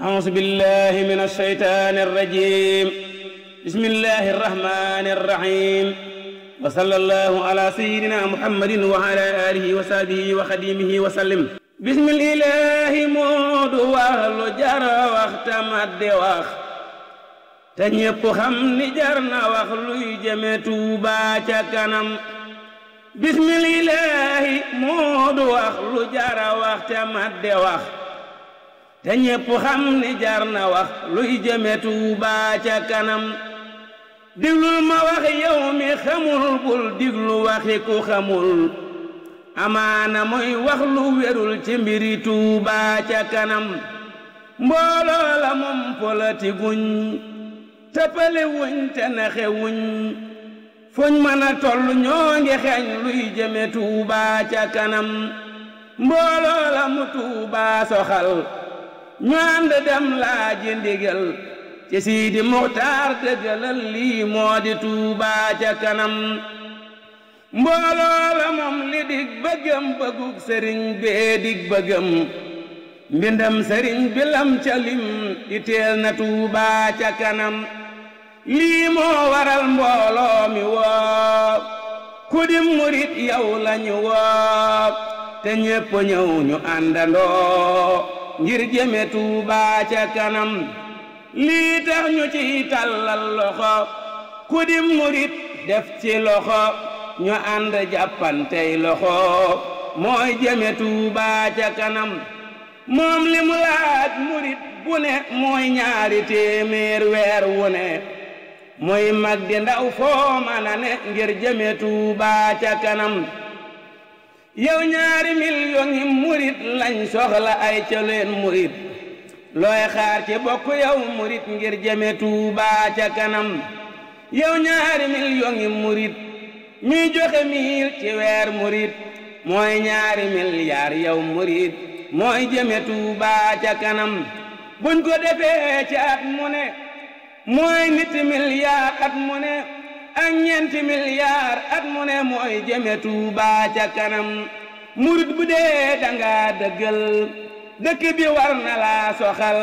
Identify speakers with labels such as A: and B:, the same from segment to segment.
A: أعوذ بالله من الشيطان الرجيم بسم الله الرحمن الرحيم وصلى الله على سيدنا محمد وعلى آله وصحبه وخديمه وسلم بسم الإله مود وأهل جر واختمد واخ تنيب خم نجرنا واخلوي جمتو باچا كنم بسم الإله مود وأهل جر واختمد واخ te ñépp xam ni jar na wax luy jëme Tuuba ca kanam diglul ma wax yow xamul bul diglu waxi ku xamul amaana mooy wax lu wérul ci mbiri Tuuba ca kanam mbooloo la moom poloti guñ te naxe wuñ fuñ mën a toll ñoo ngi luy jëme Tuuba ca kanam mbooloo mu Tuuba soxal ñu ànd dem laa ji ci Sidi Muxtaar dëggalal lii moo di Tuubaa kanam mbooloo la moom li dig bëggam bëggug sëriñ bee dig bëggam mbindam sëriñ bi ca lim di teel na Tuubaa kanam lii moo waral mbooloo mi woo ku di murit yow lañu woo te ñépp ñëw ñu àndandoo ngir jëme Tuubaa ca kanam lii tax ñu ciy tàllal loxo ku di murit def ci loxo ñu ànd jàppantey loxo mooy jëme Tuubaa ca kanam moom li laaj murit bu mooy ñaari téeméer weer wu mooy mag di ndaw foo mën a ne ngir jëme Tuubaa ca kanam yow ñaari million yi murit lañ soxla ay ca leen murit looy xaar ci bokk yow murit ngir jëme Tuubaa ca kanam yow ñaari million murit mi joxe miil ci weer murit mooy ñaari milliard yow murit mooy jëme Tuubaa ca kanam buñ ko defee ci at mu mooy nit milliard at mu ak ñeenti milliard at mu ne mooy jëme Tuuba ca kanam murit bu dee danga dëggal dëkk bi war na laa soxal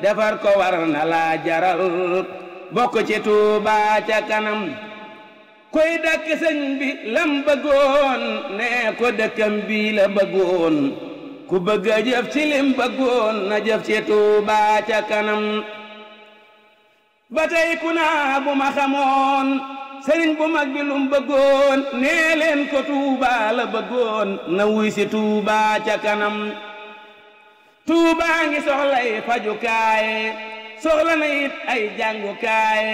A: defar ko war na laa jaral bokk ci Tuuba ca kanam koy dàkk sëñ bi lam bëggoon ne ko dëkkam bi la bëggoon ku bëgg a jëf ci lim bëggoon na jëf ci Tuuba ca kanam ba ku naa bu ma sëriñ bu mag bi lum bëggoon nee leen ko Touba la bëggoon na wuy si Touba ca kanam Touba ngi soxlay fajukaaye soxla na it ay jàngukaaye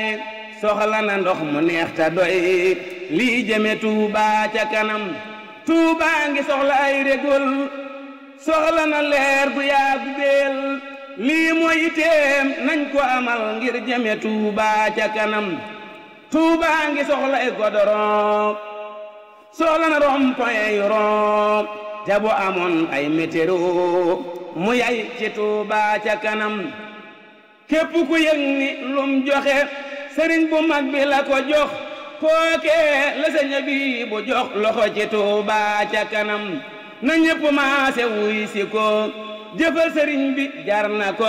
A: soxla na ndox mu neex ta doy lii jëme Touba ca kanam Touba ngi soxla ay régol soxla na leer bu yaa gubeel lii mooy iteem nañ ko amal ngir jëme Touba ca kanam Tuubaa ngi soxla e godorong soxla yu rond te bu amoon ay météro mu yay ci Tuubaa ca kanam képp ku yëg ni lum joxe sëriñ bu mag bi la ko jox kookee la sëñ bi bu jox loxo ci Tuubaa ca kanam na ñépp maase wuy si ko jëfal sëriñ bi jar na ko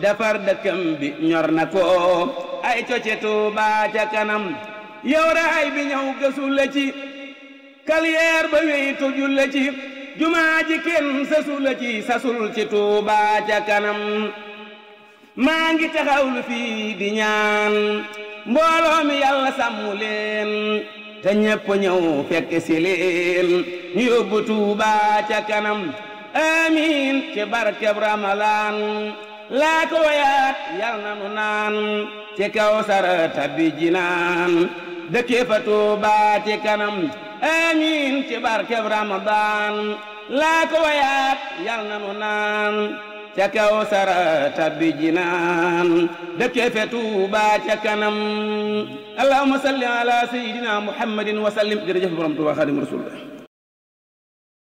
A: defar dëkkam bi ñor na ko ay coce Tuuba ca kanam yow raay bi ñëw gësu la ci kaliyeer ba wey tuju la ci jumaa ji kenn sasu ci sasul ci Tuuba ca kanam maa ngi taxawlu fii di ñaan mbooloo mi yàlla sàmm leen ñépp ñëw fekk si ñu yóbbu Tuuba ca kanam amiin ci barkeb Ramalaan laa ko wayaat yal na nu naan ci kaw sara tabbi jinaan dëkkee fa tuuba kanam amiin ci barkeb ramadaan laa ko yal na nu naan ca kaw sara tabbi jinaan dëkkee fa tuuba ca kanam allahumma salli ala sayyidina muhammadin wa sallim jërëjëf borom tuuba xaadimu rasulillah